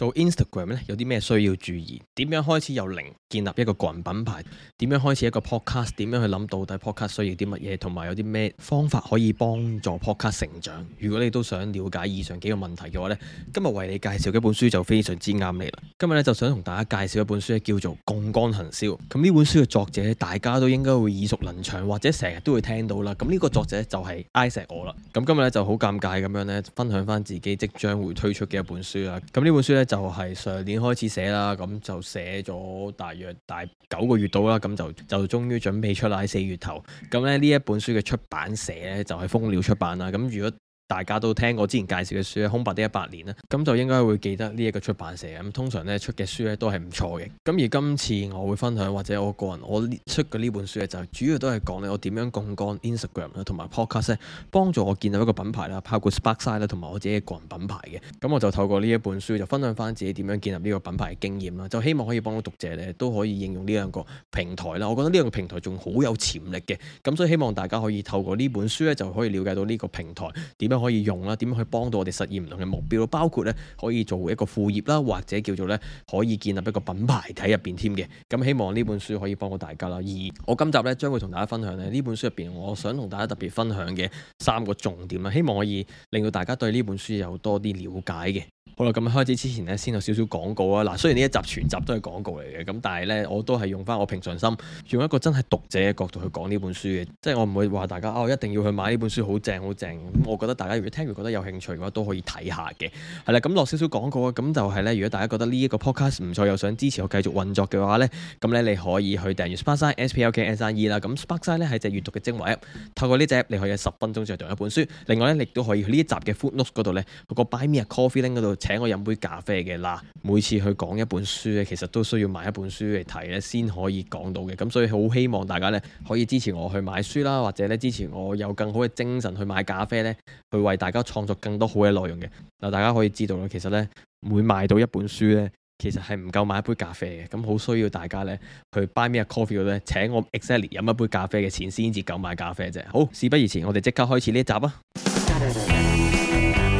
做 Instagram 咧有啲咩需要注意？點樣開始由零建立一個個人品牌？點樣開始一個 podcast？點樣去諗到底 podcast 需要啲乜嘢？同埋有啲咩方法可以幫助 podcast 成長？如果你都想了解以上幾個問題嘅話呢，今日為你介紹一本書就非常之啱你啦。今日咧就想同大家介紹一本書，叫做《槓桿行銷》。咁呢本書嘅作者大家都應該會耳熟能詳，或者成日都會聽到啦。咁呢個作者就係 Isaac 我啦。咁今日咧就好尷尬咁樣咧，分享翻自己即將會推出嘅一本書啦。咁呢本書咧，就係上年開始寫啦，咁就寫咗大約大九個月到啦，咁就就終於準備出啦，喺四月頭。咁呢本書嘅出版社咧就係蜂鳥出版啦。咁如果大家都聽過之前介紹嘅書咧，《空白的一百年》咧，咁就應該會記得呢一個出版社啊。咁通常咧出嘅書咧都係唔錯嘅。咁而今次我會分享，或者我個人我出嘅呢本書咧，就係、主要都係講咧我點樣共幹 Instagram 同埋 Podcast 咧，幫助我建立一個品牌啦，包括 Sparkside 同埋我自己個人品牌嘅。咁我就透過呢一本書就分享翻自己點樣建立呢個品牌嘅經驗啦，就希望可以幫到讀者咧都可以應用呢兩個平台啦。我覺得呢兩個平台仲好有潛力嘅，咁所以希望大家可以透過呢本書咧就可以了解到呢個平台點樣可以用啦，點樣去幫到我哋實現唔同嘅目標？包括咧可以做一個副業啦，或者叫做咧可以建立一個品牌喺入邊添嘅。咁希望呢本書可以幫到大家啦。而我今集咧將會同大家分享呢本書入邊，我想同大家特別分享嘅三個重點啦，希望可以令到大家對呢本書有多啲了解嘅。好啦，咁開始之前呢，先有少少廣告啊！嗱，雖然呢一集全集都係廣告嚟嘅，咁但係呢，我都係用翻我平常心，用一個真係讀者嘅角度去講呢本書嘅，即係我唔會話大家哦，一定要去買呢本書，好正好正，嗯。我覺得大家如果聽完覺得有興趣嘅話，都可以睇下嘅。係啦，咁落少少廣告啊，咁就係呢，如果大家覺得呢一個 podcast 唔錯，又想支持我繼續運作嘅話呢，咁呢你可以去訂閱 Sparksine、Sparksine 啦。咁 Sparksine 呢係隻閱讀嘅精華 App，透過呢隻 App 你可以十分鐘就讀一本書。另外呢，你都可以去呢一集嘅 Food Notes 度呢，去、嗰個 Buy Me a Coffee Link 度。請我飲杯咖啡嘅啦。每次去講一本書咧，其實都需要買一本書嚟睇咧，先可以講到嘅。咁所以好希望大家咧可以支持我去買書啦，或者咧支持我有更好嘅精神去買咖啡咧，去為大家創作更多好嘅內容嘅。嗱，大家可以知道啦，其實咧每買到一本書咧，其實係唔夠買一杯咖啡嘅。咁好需要大家咧去 buy me a coffee 咧，請我 exactly 飲一杯咖啡嘅錢先至夠買咖啡啫。好，事不宜遲，我哋即刻開始呢一集啊！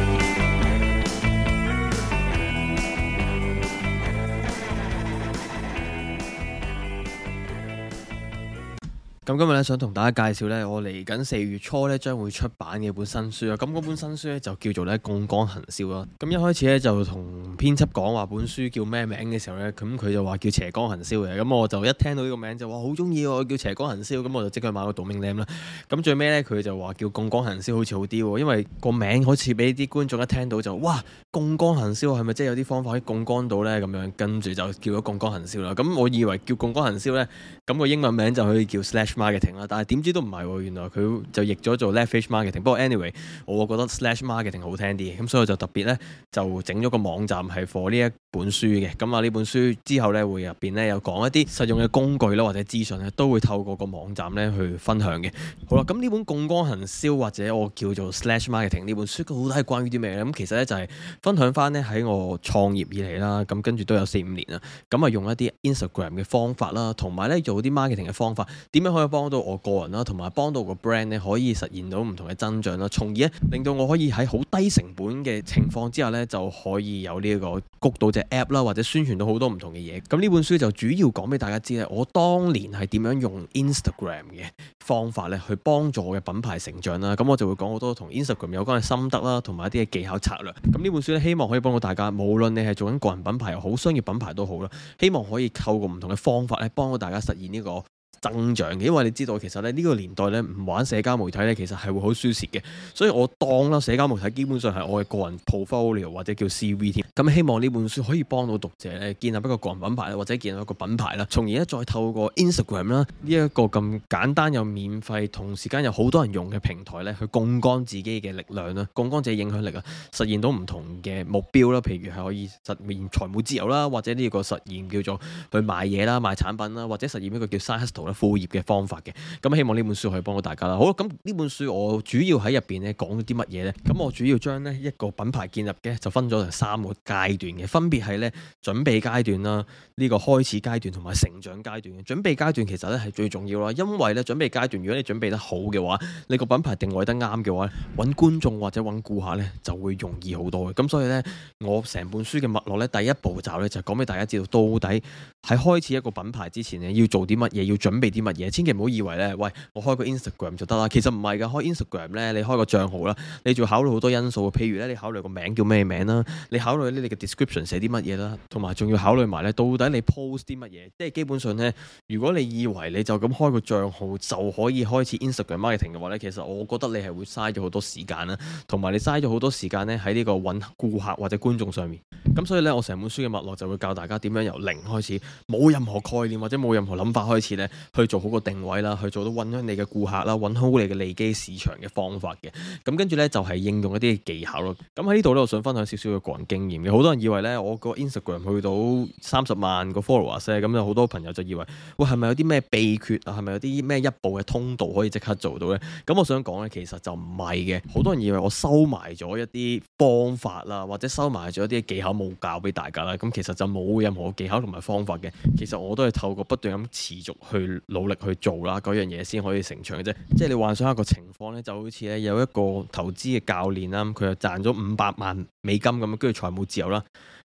咁今日咧想同大家介紹咧，我嚟緊四月初咧將會出版嘅一本新書啊！咁嗰本新書咧就叫做咧《槓桿行銷》啦。咁一開始咧就同編輯講話本書叫咩名嘅時候咧，咁佢就話叫《斜槓行銷》嘅。咁我就一聽到呢個名就話好中意喎，我叫《斜槓行銷》。咁我就即刻買個 domain name 啦。咁最尾咧佢就話叫《槓桿行銷》好似好啲喎，因為個名好似俾啲觀眾一聽到就哇《槓桿行銷》係咪即係有啲方法可以槓桿到咧？咁樣跟住就叫咗《槓桿行銷》啦。咁我以為叫《槓桿行銷》咧，咁個英文名就可以叫 marketing 啦，但係點知都唔係喎。原來佢就譯咗做 leverage marketing。不過 anyway，我覺得 slash marketing 好聽啲，咁、嗯、所以我就特別咧就整咗個網站係 for 呢一本書嘅。咁啊，呢本書之後咧會入邊咧有講一啲實用嘅工具啦，或者資訊咧都會透過個網站咧去分享嘅。好啦，咁呢本《共江行銷》或者我叫做 slash marketing 呢本書嘅好睇係關於啲咩咧？咁、嗯、其實咧就係、是、分享翻咧喺我創業以嚟啦，咁跟住都有四五年啦。咁、嗯、啊，用一啲 Instagram 嘅方法啦，同埋咧做啲 marketing 嘅方法，點樣可以，幫到我個人啦，同埋幫到個 brand 咧，可以實現到唔同嘅增長啦，從而咧令到我可以喺好低成本嘅情況之下咧，就可以有呢、這個、一個谷到隻 app 啦，或者宣傳到好多唔同嘅嘢。咁呢本書就主要講俾大家知咧，我當年係點樣用 Instagram 嘅方法咧，去幫助我嘅品牌成長啦。咁我就會講好多同 Instagram 有關嘅心得啦，同埋一啲嘅技巧策略。咁呢本書咧，希望可以幫到大家，無論你係做緊個人品牌又好，商業品牌都好啦，希望可以透過唔同嘅方法咧，幫到大家實現呢、這個。增長嘅，因為你知道其實咧呢個年代咧唔玩社交媒體咧，其實係會好輸蝕嘅。所以我當啦社交媒體基本上係我嘅個人 portfolio 或者叫 CV 添。咁希望呢本書可以幫到讀者咧，建立一個個人品牌或者建立一個品牌啦，從而咧再透過 Instagram 啦呢一個咁簡單又免費，同時間又好多人用嘅平台咧去槓桿自己嘅力量啦，槓桿自己影響力啊，實現到唔同嘅目標啦，譬如係可以實現財務自由啦，或者呢個實現叫做去賣嘢啦、賣產品啦，或者實現一個叫 side hustle 副業嘅方法嘅，咁希望呢本書可以幫到大家啦。好，咁呢本書我主要喺入邊咧講咗啲乜嘢呢？咁我主要將呢一個品牌建立嘅就分咗成三個階段嘅，分別係呢準備階段啦，呢個開始階段同埋成長階段。準備階段其實咧係最重要咯，因為咧準備階段如果你準備得好嘅話，你個品牌定位得啱嘅話，揾觀眾或者揾顧客咧就會容易好多嘅。咁所以呢，我成本書嘅脈絡咧第一步驟咧就係講俾大家知道到底喺開始一個品牌之前咧要做啲乜嘢，要準。備啲乜嘢？千祈唔好以為呢？喂，我開個 Instagram 就得啦。其實唔係嘅，開 Instagram 呢，你開個賬號啦，你仲要考慮好多因素。譬如呢，你考慮個名叫咩名啦，你考慮咧你嘅 description 寫啲乜嘢啦，同埋仲要考慮埋呢到底你 post 啲乜嘢。即係基本上呢，如果你以為你就咁開個賬號就可以開始 Instagram marketing 嘅話呢，其實我覺得你係會嘥咗好多時間啦，同埋你嘥咗好多時間呢喺呢個揾顧客或者觀眾上面。咁所以呢，我成本書嘅脈絡就會教大家點樣由零開始，冇任何概念或者冇任何諗法開始呢。去做好個定位啦，去做到揾咗你嘅顧客啦，揾好你嘅利基市場嘅方法嘅。咁跟住呢，就係應用一啲技巧咯。咁喺呢度呢，我想分享少少嘅個人經驗嘅。好多人以為呢，我個 Instagram 去到三十萬個 followers 啫，咁有好多朋友就以為，「喂，係咪有啲咩秘訣啊？係咪有啲咩一步嘅通道可以即刻做到呢？」咁我想講呢，其實就唔係嘅。好多人以為我收埋咗一啲方法啦，或者收埋咗一啲技巧冇教俾大家啦。咁其實就冇任何技巧同埋方法嘅。其實我都係透過不斷咁持續去。努力去做啦，嗰樣嘢先可以成長嘅啫。即係你幻想一個情況呢，就好似咧有一個投資嘅教練啦，佢又賺咗五百萬美金咁，跟住財務自由啦。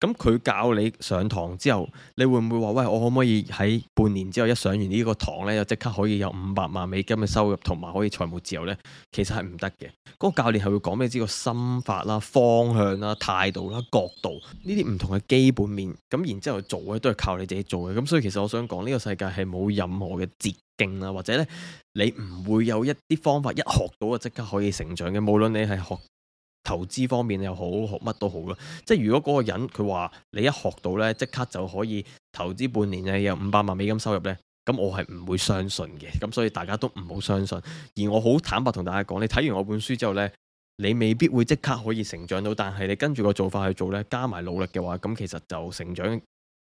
咁佢教你上堂之後，你會唔會話喂，我可唔可以喺半年之後一上完呢個堂呢，就即刻可以有五百萬美金嘅收入，同埋可以財務自由呢？其實係唔得嘅。嗰個教練係會講你知個心法啦、方向啦、態度啦、角度呢啲唔同嘅基本面。咁然之後做嘅都係靠你自己做嘅。咁所以其實我想講呢，呢個世界係冇任何嘅捷徑啊，或者呢，你唔會有一啲方法一學到就即刻可以成長嘅。無論你係學。投資方面又好，學乜都好啦，即係如果嗰個人佢話你一學到呢，即刻就可以投資半年啊，有五百萬美金收入呢。咁我係唔會相信嘅，咁所以大家都唔好相信。而我好坦白同大家講，你睇完我本書之後呢，你未必會即刻可以成長到，但係你跟住個做法去做呢，加埋努力嘅話，咁其實就成長。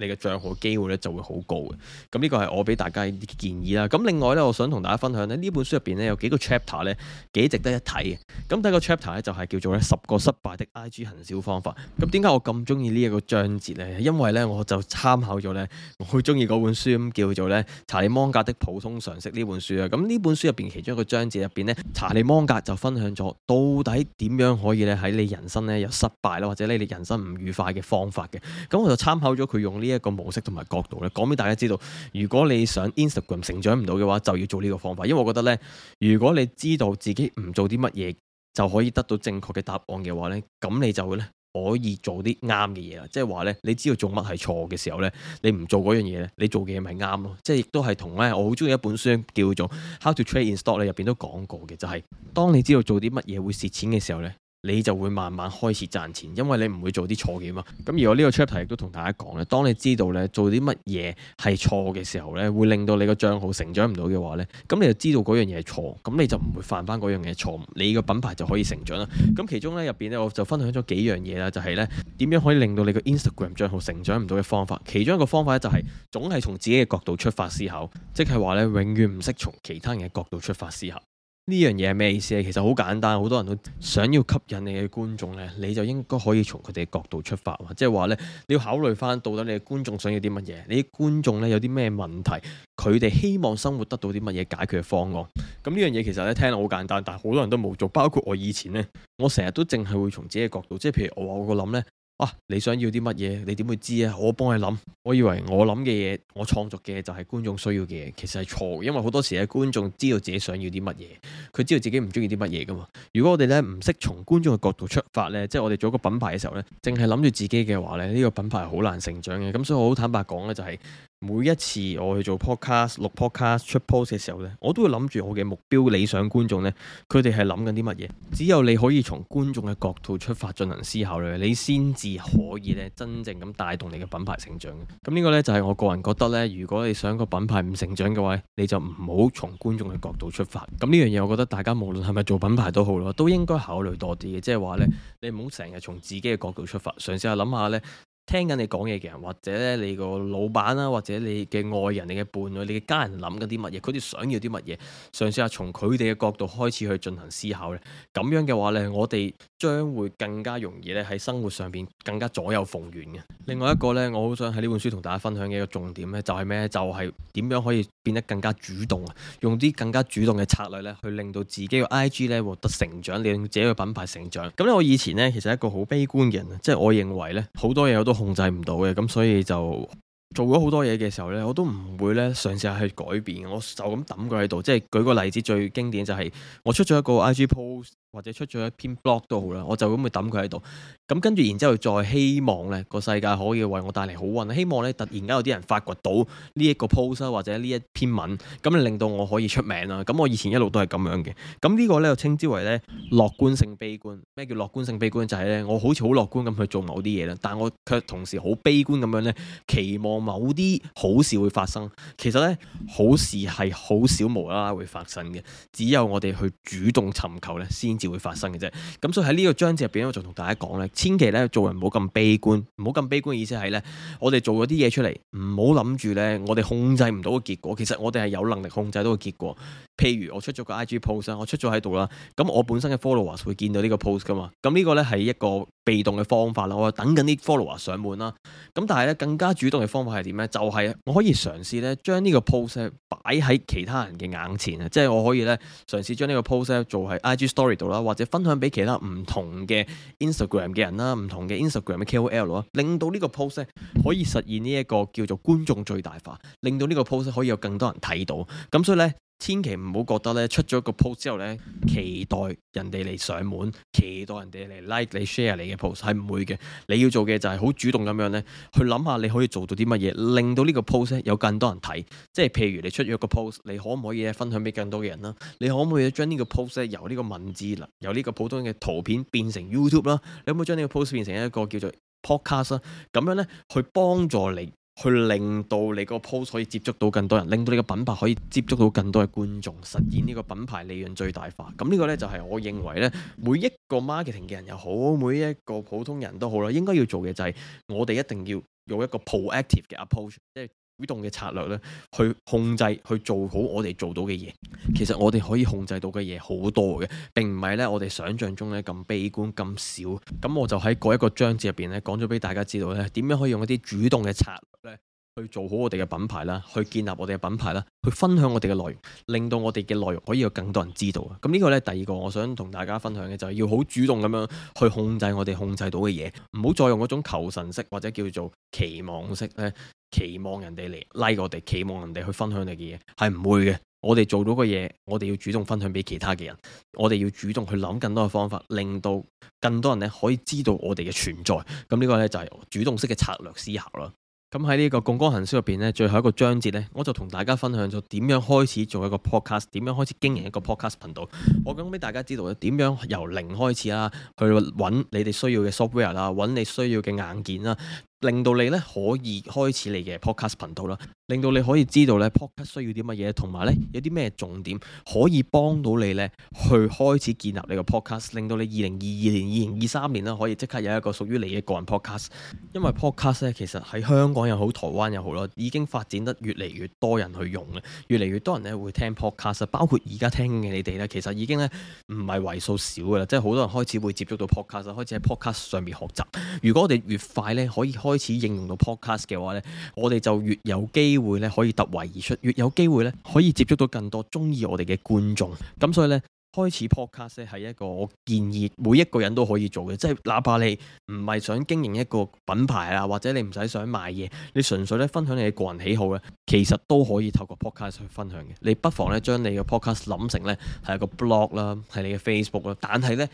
你嘅賬號機會咧就會好高嘅，咁呢個係我俾大家一啲建議啦。咁另外呢，我想同大家分享咧呢本書入邊呢，有幾個 chapter 呢幾值得一睇嘅。咁第一個 chapter 呢，就係叫做呢十個失敗的 IG 行銷方法。咁點解我咁中意呢一個章節呢？因為呢，我就參考咗呢我好中意嗰本書，叫做咧查理芒格的普通常識呢本書啊。咁呢本書入邊其中一個章節入邊呢，查理芒格就分享咗到底點樣可以呢喺你人生呢有失敗啦，或者你人生唔愉快嘅方法嘅。咁我就參考咗佢用呢。呢一個模式同埋角度咧，講俾大家知道。如果你想 Instagram 成長唔到嘅話，就要做呢個方法。因為我覺得呢，如果你知道自己唔做啲乜嘢就可以得到正確嘅答案嘅話呢，咁你就呢，可以做啲啱嘅嘢啦。即係話呢，你知道做乜係錯嘅時候呢，你唔做嗰樣嘢呢，你做嘅嘢咪啱咯。即係亦都係同呢，我好中意一本書叫做《How to Trade in Stock》入邊都講過嘅，就係當你知道做啲乜嘢會蝕錢嘅時候呢，你就會慢慢開始賺錢，因為你唔會做啲錯嘅嘛。咁而我呢個專題亦都同大家講咧，當你知道咧做啲乜嘢係錯嘅時候咧，會令到你個賬號成長唔到嘅話咧，咁你就知道嗰樣嘢係錯，咁你就唔會犯翻嗰樣嘢錯誤，你個品牌就可以成長啦。咁其中咧入邊咧，我就分享咗幾樣嘢啦，就係咧點樣可以令到你個 Instagram 賬號成長唔到嘅方法。其中一個方法咧就係、是、總係從自己嘅角度出發思考，即係話咧永遠唔識從其他人嘅角度出發思考。呢樣嘢係咩意思咧？其實好簡單，好多人都想要吸引你嘅觀眾咧，你就應該可以從佢哋嘅角度出發喎，即係話咧，你要考慮翻到底你嘅觀眾想要啲乜嘢，你啲觀眾咧有啲咩問題，佢哋希望生活得到啲乜嘢解決嘅方案。咁呢樣嘢其實咧聽落好簡單，但係好多人都冇做，包括我以前咧，我成日都淨係會從自己嘅角度，即係譬如我話我個諗呢。啊，你想要啲乜嘢？你點會知啊？我幫你諗。我以為我諗嘅嘢，我創作嘅就係觀眾需要嘅嘢。其實係錯嘅，因為好多時咧，觀眾知道自己想要啲乜嘢，佢知道自己唔中意啲乜嘢噶嘛。如果我哋咧唔識從觀眾嘅角度出發咧，即係我哋做一個品牌嘅時候咧，淨係諗住自己嘅話咧，呢個品牌好難成長嘅。咁所以我好坦白講咧，就係，就係。每一次我去做 podcast 錄 podcast 出 post 嘅時候咧，我都會諗住我嘅目標理想觀眾咧，佢哋係諗緊啲乜嘢？只有你可以從觀眾嘅角度出發進行思考咧，你先至可以咧真正咁帶動你嘅品牌成長嘅。咁呢個咧就係我個人覺得咧，如果你想個品牌唔成長嘅話，你就唔好從觀眾嘅角度出發。咁呢樣嘢，我覺得大家無論係咪做品牌都好咯，都應該考慮多啲嘅，即係話咧，你唔好成日從自己嘅角度出發，嘗試下諗下咧。聽緊你講嘢嘅人，或者咧你個老闆啦，或者你嘅愛人、你嘅伴侶、你嘅家人諗緊啲乜嘢？佢哋想要啲乜嘢？嘗試下從佢哋嘅角度開始去進行思考咧。咁樣嘅話咧，我哋將會更加容易咧喺生活上邊更加左右逢源嘅。另外一個咧，我好想喺呢本書同大家分享嘅一個重點咧，就係咩？就係點樣可以變得更加主動啊？用啲更加主動嘅策略咧，去令到自己嘅 IG 咧獲得成長，令自己嘅品牌成長。咁咧，我以前咧其實係一個好悲觀嘅人，即係我認為咧好多嘢我都控制唔到嘅，咁所以就做咗好多嘢嘅時候呢，我都唔會呢嘗試去改變，我就咁抌佢喺度。即係舉個例子，最經典就係我出咗一個 IG post。或者出咗一篇 blog 都好啦，我就咁去抌佢喺度，咁跟住然之後再希望咧，個世界可以為我帶嚟好運，希望咧，突然間有啲人發掘到呢一個 post 或者呢一篇文，咁令到我可以出名啦、啊。咁我以前一路都係咁樣嘅，咁呢個咧就稱之為咧樂觀性悲觀。咩叫樂觀性悲觀？就係、是、咧我好似好樂觀咁去做某啲嘢啦，但我卻同時好悲觀咁樣咧期望某啲好事會發生。其實咧好事係好少無啦啦會發生嘅，只有我哋去主動尋求咧先，至會發生嘅啫，咁所以喺呢個章節入邊，我就同大家講咧，千祈咧做人唔好咁悲觀。唔好咁悲觀嘅意思係咧，我哋做咗啲嘢出嚟，唔好諗住咧，我哋控制唔到個結果，其實我哋係有能力控制到個結果。譬如我出咗個 IG post 我出咗喺度啦，咁我本身嘅 followers 會見到呢個 post 噶嘛，咁呢個呢係一個被動嘅方法啦。我等緊啲 followers 上門啦，咁但係呢，更加主動嘅方法係點呢？就係我可以嘗試呢將呢個 post 擺喺其他人嘅眼前啊，即係我可以呢嘗試將呢個 post 做喺 IG story 度啦，或者分享俾其他唔同嘅 Instagram 嘅人啦，唔同嘅 Instagram 嘅 KOL 咯，令到呢個 post 可以實現呢一個叫做觀眾最大化，令到呢個 post 可以有更多人睇到。咁所以呢。千祈唔好覺得咧，出咗個 post 之後咧，期待人哋嚟上門，期待人哋嚟 like 你、share 你嘅 post 係唔會嘅。你要做嘅就係好主動咁樣咧，去諗下你可以做到啲乜嘢，令到呢個 post 有更多人睇。即係譬如你出咗個 post，你可唔可以分享俾更多嘅人啦？你可唔可以將呢個 post 由呢個文字，由呢個普通嘅圖片變成 YouTube 啦？你可唔可以將呢個 post 變成一個叫做 Podcast 啊？咁樣咧去幫助你。去令到你個 post 可以接觸到更多人，令到你個品牌可以接觸到更多嘅觀眾，實現呢個品牌利潤最大化。咁呢個呢，就係、是，我認為呢，每一個 marketing 嘅人又好，每一個普通人都好啦，應該要做嘅就係、是，我哋一定要用一個 proactive 嘅 approach，即係。主動嘅策略咧，去控制，去做好我哋做到嘅嘢。其實我哋可以控制到嘅嘢好多嘅，並唔係咧我哋想象中咧咁悲觀咁少。咁我就喺嗰一個章節入邊咧，講咗俾大家知道咧，點樣可以用一啲主動嘅策略咧。去做好我哋嘅品牌啦，去建立我哋嘅品牌啦，去分享我哋嘅內容，令到我哋嘅內容可以有更多人知道啊，咁呢個咧第二個，我想同大家分享嘅，就係要好主動咁樣去控制我哋控制到嘅嘢，唔好再用嗰種求神式或者叫做期望式咧，期望人哋嚟拉我哋，期望人哋去分享你嘅嘢，係唔會嘅。我哋做到嘅嘢，我哋要主動分享俾其他嘅人，我哋要主動去諗更多嘅方法，令到更多人咧可以知道我哋嘅存在。咁呢個咧就係主動式嘅策略思考啦。咁喺呢個《共光行銷》入邊咧，最後一個章節咧，我就同大家分享咗點樣開始做一個 podcast，點樣開始經營一個 podcast 頻道。我講俾大家知道點樣由零開始啦，去揾你哋需要嘅 software 啦，揾你需要嘅硬件啦，令到你咧可以開始你嘅 podcast 頻道啦。令到你可以知道咧 podcast 需要啲乜嘢，同埋咧有啲咩重點可以幫到你咧，去開始建立你個 podcast，令到你二零二二年、二零二三年啦，可以即刻有一個屬於你嘅個人 podcast。因為 podcast 咧，其實喺香港又好，台灣又好啦，已經發展得越嚟越多人去用啦，越嚟越多人咧會聽 podcast，包括而家聽嘅你哋咧，其實已經咧唔係為數少噶啦即係好多人開始會接觸到 podcast，開始喺 podcast 上面學習。如果我哋越快咧可以開始應用到 podcast 嘅話咧，我哋就越有機會機會咧可以突圍而出，越有機會咧可以接觸到更多中意我哋嘅觀眾。咁所以咧，開始 podcast 係一個我建議每一個人都可以做嘅，即係哪怕你唔係想經營一個品牌啊，或者你唔使想賣嘢，你純粹咧分享你個人喜好咧，其實都可以透過 podcast 去分享嘅。你不妨咧將你嘅 podcast 諗成咧係一個 blog 啦，係你嘅 Facebook 啦。但係咧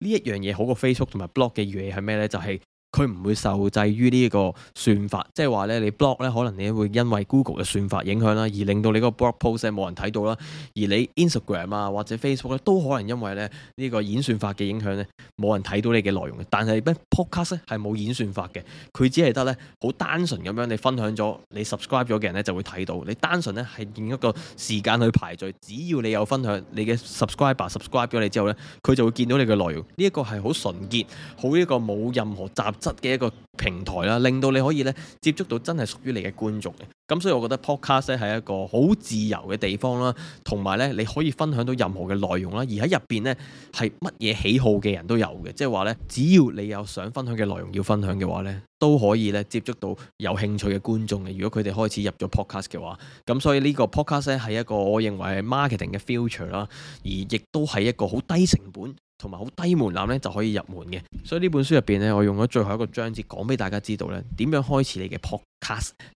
呢一樣嘢好過 Facebook 同埋 blog 嘅嘢係咩咧？就係、是。佢唔會受制於呢一個算法，即係話咧，你 blog 咧可能你會因為 Google 嘅算法影響啦，而令到你個 blog post 冇人睇到啦。而你 Instagram 啊或者 Facebook 咧都可能因為咧呢個演算法嘅影響咧冇人睇到你嘅內容。但係 Podcast 咧係冇演算法嘅，佢只係得咧好單純咁樣你分享咗，你 subscribe 咗嘅人咧就會睇到。你單純咧係用一個時間去排序，只要你有分享，你嘅 subscriber subscribe 咗你之後咧，佢就會見到你嘅內容。呢一個係好純潔，好一個冇任何雜。嘅一個平台啦，令到你可以咧接觸到真係屬於你嘅觀眾嘅。咁所以我覺得 podcast 係一個好自由嘅地方啦，同埋咧你可以分享到任何嘅內容啦。而喺入邊咧係乜嘢喜好嘅人都有嘅，即係話咧只要你有想分享嘅內容要分享嘅話咧，都可以咧接觸到有興趣嘅觀眾嘅。如果佢哋開始入咗 podcast 嘅話，咁所以呢個 podcast 係一個我認為係 marketing 嘅 future 啦，而亦都係一個好低成本。同埋好低門檻咧就可以入門嘅，所以呢本書入邊咧，我用咗最後一個章節講俾大家知道咧，點樣開始你嘅扑。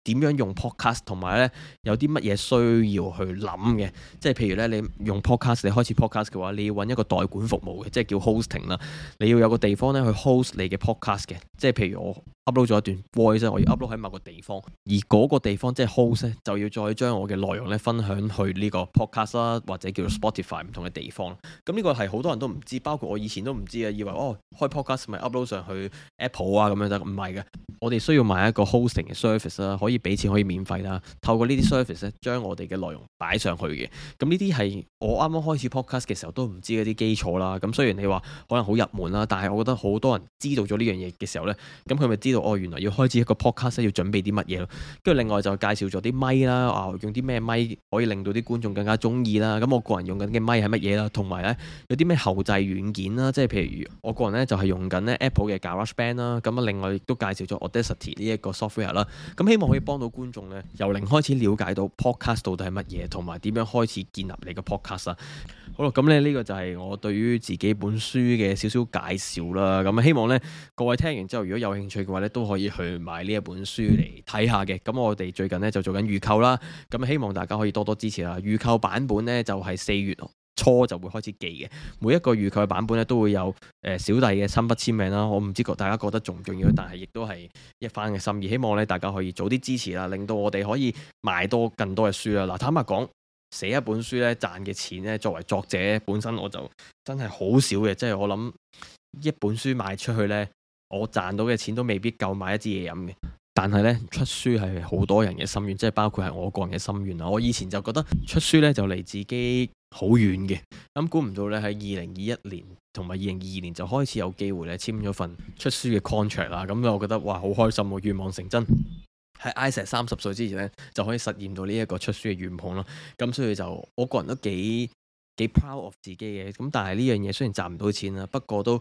點樣用 podcast 同埋咧有啲乜嘢需要去諗嘅？即係譬如咧，你用 podcast 你開始 podcast 嘅話，你要揾一個代管服務嘅，即係叫 hosting 啦。你要有個地方咧去 host 你嘅 podcast 嘅。即係譬如我 upload 咗一段 voice 我要 upload 喺某個地方，而嗰個地方即係 host 咧，就要再將我嘅內容咧分享去呢個 podcast 啦，或者叫做 Spotify 唔同嘅地方。咁呢個係好多人都唔知，包括我以前都唔知啊，以為哦開 podcast 咪 upload 上去 Apple 啊，咁樣就唔係嘅。我哋需要買一個 hosting 嘅可以俾錢，可以免費啦。透過呢啲 service 咧，將我哋嘅內容擺上去嘅。咁呢啲係我啱啱開始 podcast 嘅時候都唔知一啲基礎啦。咁雖然你話可能好入門啦，但係我覺得好多人知道咗呢樣嘢嘅時候呢，咁佢咪知道哦，原來要開始一個 podcast 要準備啲乜嘢咯。跟住另外就介紹咗啲咪啦，啊用啲咩咪可以令到啲觀眾更加鍾意啦。咁我個人用緊嘅咪係乜嘢啦？同埋呢，有啲咩後製軟件啦，即係譬如我個人呢，就係用緊 Apple 嘅 GarageBand 啦。咁啊，另外亦都介紹咗 Audacity 呢一個 software 啦。咁希望可以幫到觀眾呢。由零開始了解到 podcast 到底係乜嘢，同埋點樣開始建立你嘅 podcast 啊！好啦，咁咧呢個就係我對於自己本書嘅少少介紹啦。咁希望呢，各位聽完之後，如果有興趣嘅話呢，都可以去買呢一本書嚟睇下嘅。咁我哋最近呢，就做緊預購啦，咁希望大家可以多多支持啦。預購版本呢，就係四月初就會開始寄嘅。每一個預購嘅版本咧，都會有誒、呃、小弟嘅親筆簽名啦。我唔知覺大家覺得重唔重要，但係亦都係一番嘅心意。希望咧大家可以早啲支持啦，令到我哋可以賣多更多嘅書啦。嗱，坦白講寫一本書咧賺嘅錢咧，作為作者本身我就真係好少嘅，即係我諗一本書賣出去呢，我賺到嘅錢都未必夠買一支嘢飲嘅。但係呢，出書係好多人嘅心願，即係包括係我個人嘅心願啦。我以前就覺得出書呢，就嚟自己。好遠嘅，咁估唔到咧喺二零二一年同埋二零二二年就開始有機會咧簽咗份出書嘅 contract 啦，咁、嗯、我覺得哇好開心喎、啊，願望成真，喺 Isaac 三十歲之前咧就可以實現到呢一個出書嘅願望咯，咁、嗯、所以就我個人都幾幾 proud of 自己嘅，咁、嗯、但係呢樣嘢雖然賺唔到錢啦，不過都。